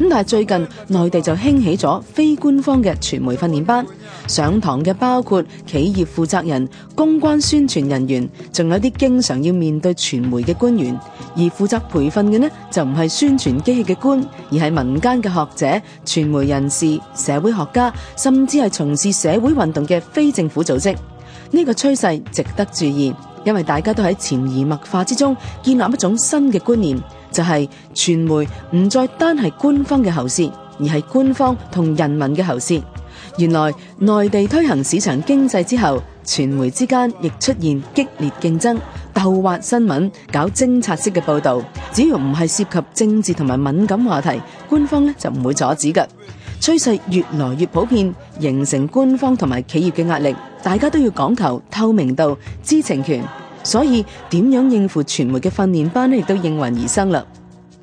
咁但係最近內地就興起咗非官方嘅傳媒訓練班，上堂嘅包括企業負責人、公關宣傳人員，仲有啲經常要面對傳媒嘅官員。而負責培訓嘅呢，就唔係宣傳機器嘅官，而係民間嘅學者、傳媒人士、社會學家，甚至係從事社會運動嘅非政府組織。呢個趨勢值得注意。因為大家都喺潛移默化之中建立一種新嘅觀念，就係傳媒唔再單係官方嘅喉舌，而係官方同人民嘅喉舌。原來內地推行市場經濟之後，傳媒之間亦出現激烈競爭，鬥挖新聞，搞偵察式嘅報道。只要唔係涉及政治同埋敏感話題，官方呢就唔會阻止噶。趨勢越來越普遍，形成官方同埋企業嘅壓力，大家都要講求透明度、知情權。所以點樣應付傳媒嘅訓練班呢，亦都應運而生啦。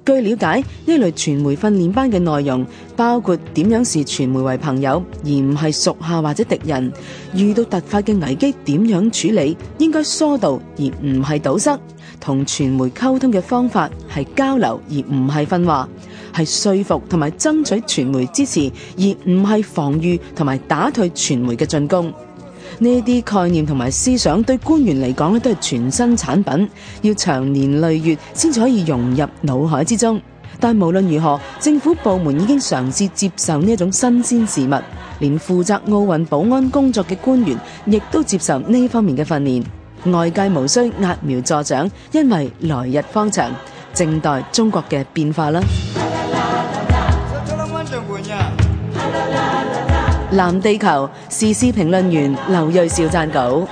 據了解，呢類傳媒訓練班嘅內容包括點樣視傳媒為朋友，而唔係屬下或者敵人；遇到突發嘅危機，點樣處理，應該疏導而唔係堵塞；同傳媒溝通嘅方法係交流而唔係訓話。係說服同埋爭取傳媒支持，而唔係防禦同埋打退傳媒嘅進攻。呢啲概念同埋思想對官員嚟講咧，都係全新產品，要長年累月先至可以融入腦海之中。但無論如何，政府部門已經嘗試接受呢種新鮮事物，連負責奧運保安工作嘅官員亦都接受呢方面嘅訓練。外界無需揠苗助長，因為來日方長，靜待中國嘅變化啦。藍地球時事評論員劉銳紹撰稿。